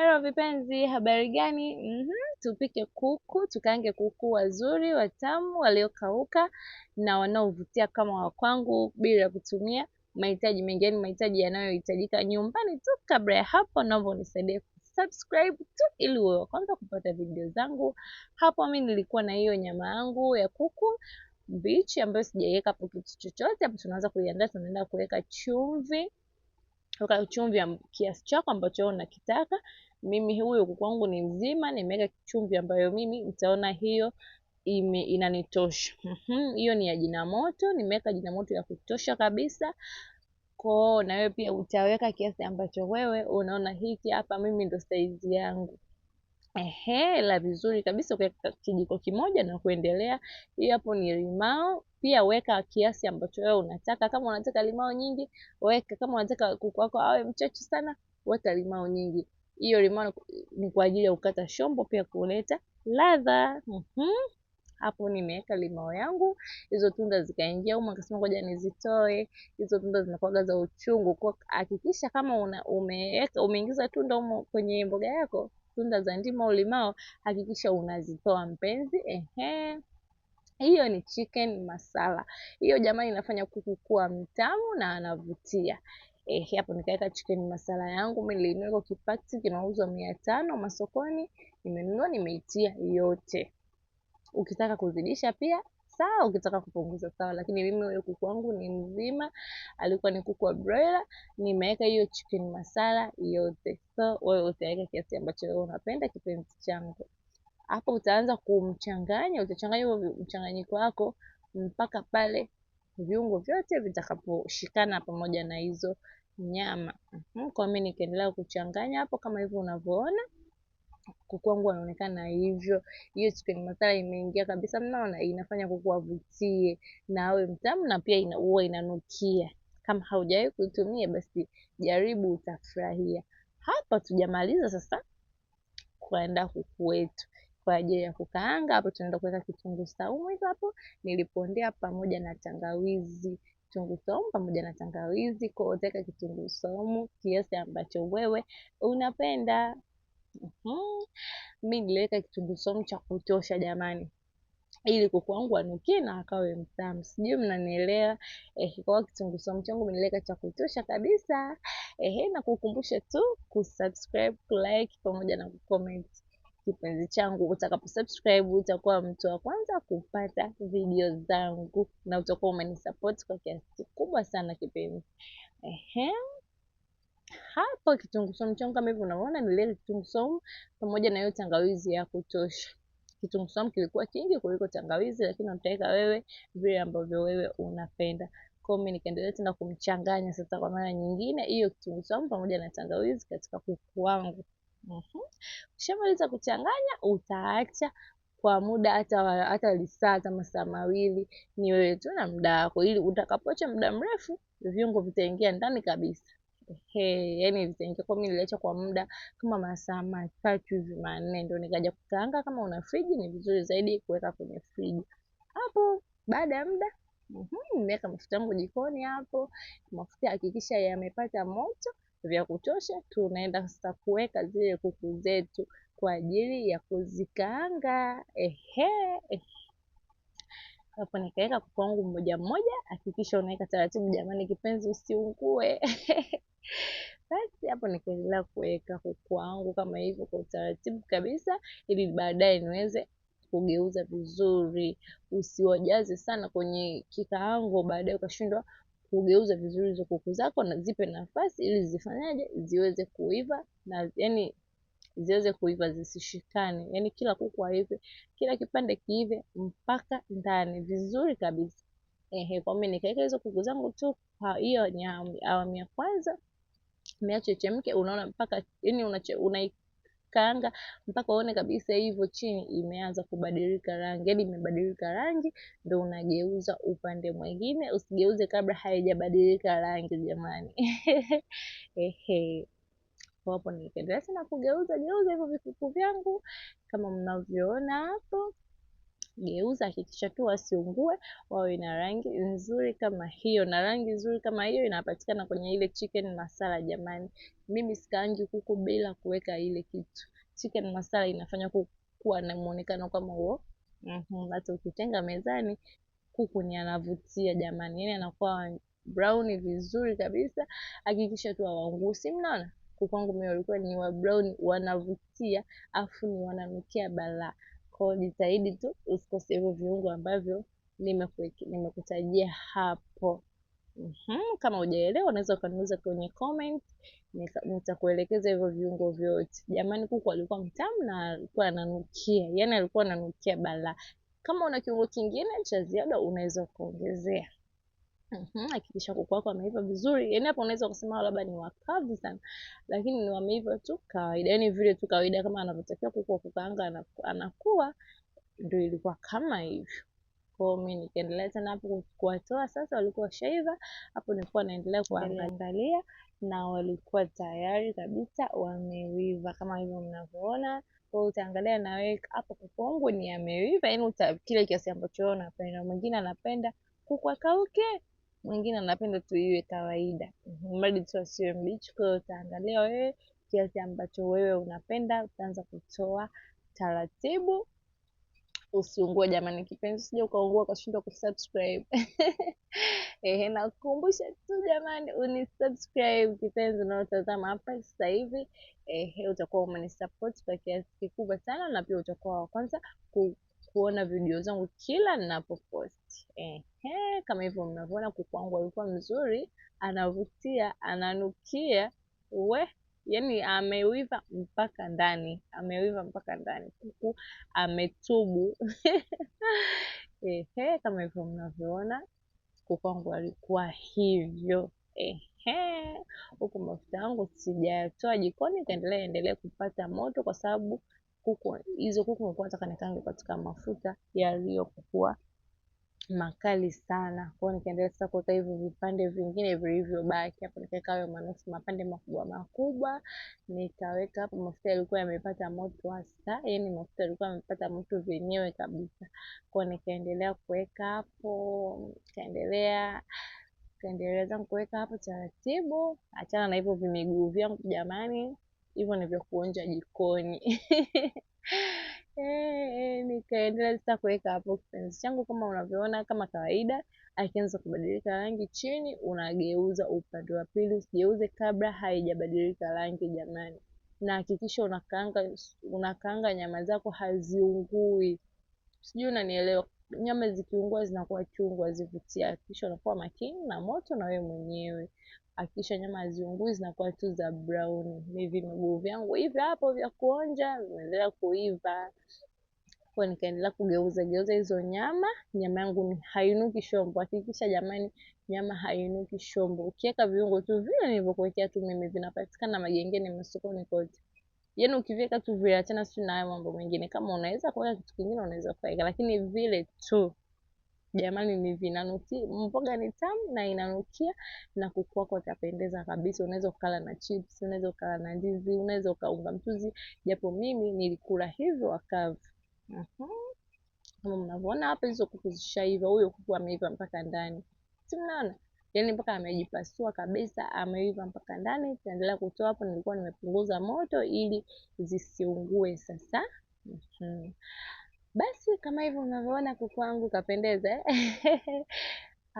Hello vipenzi, habari gani? -hmm. tupike kuku, tukaange kuku wazuri, watamu, waliokauka na wanaovutia kama wa kwangu bila kutumia mahitaji mengi, yaani mahitaji yanayohitajika nyumbani tu. Kabla ya hapo, naomba unisaidie kusubscribe tu ili uwe wa kwanza kupata video zangu. Hapo mimi nilikuwa na hiyo nyama yangu ya kuku mbichi ambayo sijaiweka hapo kitu chochote. Hapo tunaanza kuiandaa, tunaenda kuweka chumvi, weka chumvi ya kiasi chako ambacho unakitaka mimi huyu kuku wangu ni mzima, nimeweka chumvi ambayo mimi nitaona hiyo ime, inanitosha mhm, hiyo ni ya jina moto, nimeweka jina moto ya kutosha kabisa koo na wewe pia utaweka kiasi ambacho wewe unaona hiki hapa mimi ndo saizi yangu ehe la vizuri kabisa kuweka kijiko kimoja na kuendelea hii hapo ni limao pia weka kiasi ambacho wewe unataka kama unataka limao nyingi weka kama unataka kuku wako awe mchache sana weka limao nyingi hiyo limao ni kwa ajili ya kukata shombo, pia kuleta ladha. mm -hmm. Hapo nimeweka limao yangu, hizo tunda zikaingia humo, nikasema ngoja nizitoe. Hizo tunda zinakuwaga za uchungu, kwa hakikisha kama una, umeweka umeingiza tunda humo kwenye mboga yako, tunda za ndimu au limao, hakikisha unazitoa mpenzi. Ehe, hiyo ni chicken masala. Hiyo jamani, inafanya kuku kuwa mtamu na anavutia eh, hapo nikaweka chicken masala yangu miliniko kipati kinauzwa mia tano masokoni, nimenunua nimeitia yote. Ukitaka kuzidisha pia sawa, ukitaka kupunguza sawa, lakini mimi huyo kuku wangu ni mzima, alikuwa ni kuku wa broiler. Nimeweka hiyo chicken masala yote, so wewe utaweka kiasi ambacho wewe unapenda, kipenzi changu. Hapo utaanza kumchanganya, utachanganya hiyo mchanganyiko wako mpaka pale viungo vyote vitakaposhikana pamoja na hizo mnyama. Mm-hmm. Kwa mimi nikiendelea kuchanganya hapo kama hivyo unavyoona kuku wangu wanaonekana hivyo. Hiyo chicken masala imeingia kabisa, mnaona inafanya kuku avutie na awe mtamu na pia huwa inanukia. Kama haujawahi kuitumia basi jaribu utafurahia. Hapa tujamaliza sasa kuandaa kuku wetu kwa ajili ya kukaanga. Hapo tunaenda kuweka kitunguu saumu hivyo hapo nilipoondea pamoja na tangawizi kitunguu saumu pamoja na tangawizi. Kwa hiyo utaweka kitunguu saumu kiasi ambacho wewe unapenda. Uhum. Mi niliweka kitunguu saumu cha kutosha jamani, ili kuku wangu anukie na akawe mtamu, sijui mnanielewa. Eh, kwa hiyo kitunguu saumu changu nimeliweka cha kutosha kabisa. Eh, kukumbusha tu kusubscribe, kulike pamoja na kucomment kipenzi changu, utakaposubscribe utakuwa mtu wa kwanza kupata video zangu na utakuwa umenisupport kwa kiasi kikubwa sana kipenzi. ehe hapo kitunguu saumu changu kama hivi unaona, nilile kitunguu saumu pamoja na hiyo tangawizi ya kutosha. Kitunguu saumu kilikuwa kingi kuliko tangawizi, lakini utaweka wewe vile ambavyo wewe unapenda. Kwa mimi nikaendelea tena kumchanganya sasa kwa mara nyingine hiyo kitungusomu saumu pamoja na tangawizi katika kuku wangu. Mm -hmm. Ukishamaliza kuchanganya utaacha kwa muda hata hata lisaa kama saa mawili, ni wewe tu na muda wako, ili utakapoacha muda mrefu viungo vitaingia ndani kabisa. Ehe, yani vitaingia kwa mimi niliacha kwa muda kama masaa matatu hivi manne, ndio nikaja kukaanga. Kama una friji ni vizuri zaidi kuweka kwenye friji. Hapo baada ya muda mhm, nimeweka mafuta yangu jikoni hapo, mafuta hakikisha yamepata moto vya kutosha, tunaenda sasa kuweka zile kuku zetu kwa ajili ya kuzikaanga. Ehe, hapo nikaweka kuku wangu mmoja mmoja. Hakikisha unaweka taratibu jamani, kipenzi usiungue. Basi hapo nikaendelea kuweka kuku wangu kama hivyo kwa utaratibu kabisa, ili baadaye niweze kugeuza vizuri. Usiwajaze sana kwenye kikaango, baadaye ukashindwa kugeuza vizuri hizo kuku zako na zipe nafasi ili zifanyaje ziweze kuiva na yani ziweze kuiva zisishikane yani kila kuku aive kila kipande kiive mpaka ndani vizuri kabisa ehe kwa mimi nikaweka hizo kuku zangu tu hiyo ni awamu ya kwanza miache chemke unaona mpaka yani una, kukaanga mpaka uone kabisa hivyo chini imeanza kubadilika rangi, yani imebadilika rangi, ndo unageuza upande mwingine. Usigeuze kabla haijabadilika rangi jamani. Ehe. Hapo nikiendelea sana kugeuza geuza hivyo vikuku vyangu kama mnavyoona hapo geuza, hakikisha tu wasiungue, wawe na rangi nzuri kama hiyo. Na rangi nzuri kama hiyo inapatikana kwenye ile chicken masala. Jamani, mimi sikaangi kuku bila kuweka ile kitu. Chicken masala inafanya kuku kuwa na muonekano kama huo, mhm, hata ukitenga mezani kuku ni anavutia jamani, yaani anakuwa brown vizuri kabisa. Hakikisha tu hawaungui, si mnaona kuku wangu mimi walikuwa ni wa brown wanavutia, afu ni wananukia balaa. Kwa jitahidi tu usikose hivyo viungo ambavyo nimekutajia hapo. Mhm, kama hujaelewa unaweza ukaniuliza kwenye comment. Nitakuelekeza hivyo viungo vyote. Jamani kuku alikuwa mtamu na alikuwa ananukia. yani alikuwa ananukia balaa. Kama una kiungo kingine cha ziada unaweza ukaongezea. Mhm, hakikisha kuku wako wameiva vizuri, yaani hapo unaweza kusema labda ni wakavu sana, lakini ni wameiva tu kawaida, yaani vile tu kawaida kama anavyotakiwa kuku wa kukaanga anakuwa, ndio ilikuwa kama hivyo. Kwa hiyo mi nikaendelea tena hapo kuwatoa sasa, walikuwa washaiva, hapo nilikuwa naendelea kuangalia na walikuwa tayari kabisa wameiva kama hivyo mnavyoona. Kwa hiyo utaangalia na wewe hapo kuku wangu ni ameiva, yaani kile kiasi ambacho wewe unapenda. Mwingine anapenda kuku akauke, mwingine anapenda tu iwe kawaida, mradi tu asiwe mbichi. Kwa hiyo utaangalia wewe kiasi ambacho wewe unapenda, utaanza kutoa taratibu. Usiungue jamani, kipenzi, usije ukaungua ukashindwa kusubscribe. Ehe, nakukumbusha tu jamani, unisubscribe kipenzi, unaotazama hapa sasa hivi. Ehe, utakuwa umenisupport kwa kiasi kikubwa sana, na pia utakuwa wa kwanza ku, kuona video zangu kila ninapopost. Ehe kama hivyo mnavyoona, kuku wangu alikuwa mzuri, anavutia, ananukia, we yani ameuiva mpaka ndani, ameuiva mpaka ndani, kuku ametubu. Ehe, kama hivyo mnavyoona, kuku wangu alikuwa hivyo. Ehe, huku mafuta yangu sijayatoa jikoni, itaendelea endelea kupata moto kwa sababu kuku hizo kuku nilikuwa nataka nikaange katika mafuta yaliyokuwa makali sana kwao, nikaendelea sasa kuweka hivyo vipande vingine vilivyobaki hapo, nikaweka hayo manusu mapande makubwa makubwa, nikaweka hapo. Mafuta yalikuwa yamepata moto hasa, yani mafuta yalikuwa yamepata moto vyenyewe kabisa, kwao nikaendelea kuweka hapo, nikaendelea kaendelea zangu kuweka hapo taratibu. Achana na hivyo vimiguu vyangu jamani, hivyo ni vya kuonja jikoni Eh, nikaendelea sasa kuweka hapo kipenzi changu kama unavyoona kama kawaida, akianza kubadilika rangi chini unageuza upande wa pili, usigeuze kabla haijabadilika rangi jamani, na hakikisha unakaanga unakaanga nyama zako haziungui, sijui unanielewa. Nyama zikiungua zinakuwa chungu hazivutii, hakikisha unakuwa makini na moto na wewe mwenyewe hakikisha nyama haziungui zinakuwa tu za brown. Ni vimiguu vyangu hivi hapo vya kuonja vimeendelea kuiva kwa nikaendelea kugeuza geuza hizo nyama. Nyama yangu hainuki shombo. Hakikisha jamani, nyama hainuki shombo. Ukiweka viungo tu vile nilivyokuwekea tu mimi vinapatikana magengeni, masokoni kote. Yani ukiweka tu vile, achana sijui na hayo mambo mengine. Kama unaweza kuweka kitu kingine unaweza kuweka, lakini vile tu. Jamani ni vinanukia, mboga ni tamu na inanukia na kukua kwa tapendeza kabisa. Unaweza ukala na chips, unaweza ukala na ndizi, unaweza ukaunga mchuzi, japo mimi nilikula hivyo wakavu. Mhm. Kama mnavyoona hapa, hizo kuku zishaiva. Huyo kuku ameiva mpaka ndani, si mnaona? Yaani mpaka amejipasua kabisa, ameiva mpaka ndani. Taendelea kutoa hapo, nilikuwa nimepunguza moto ili zisiungue sasa. Mhm. Basi kama hivyo unavyoona kuku wangu kapendeza eh?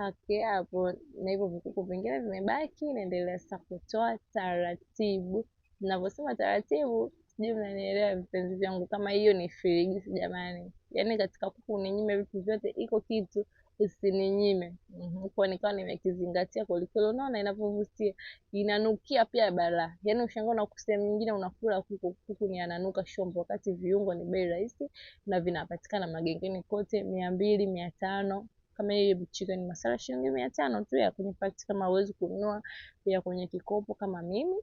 Okay, hapo na hivyo vikuku vingine vimebaki, naendelea sasa kutoa taratibu. Ninavyosema taratibu, sijui mnanielewa vipenzi vyangu, kama hiyo ni firigisi jamani, yaani katika kuku ninyime vitu vyote, iko kitu usininyime. huko mhm, nikawa nimekizingatia kwelikweli, unaona inavyovutia, inanukia pia balaa. Yaani ushanga na sehemu nyingine unakula kuku, kuku ni ananuka shombo, wakati viungo ni bei rahisi na vinapatikana magengeni kote, mia mbili mia tano kama hiyo chicken masala shilingi mia tano tu ya kwenye pakiti, kama huwezi kununua ya kwenye kikopo kama mimi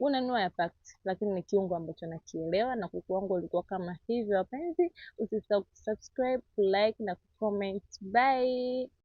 unanua ya pakiti, lakini ni kiungo ambacho nakielewa. Na kuku wangu ulikuwa kama hivyo. Wapenzi, usisahau kusubscribe, kulike na kucomment. Bye.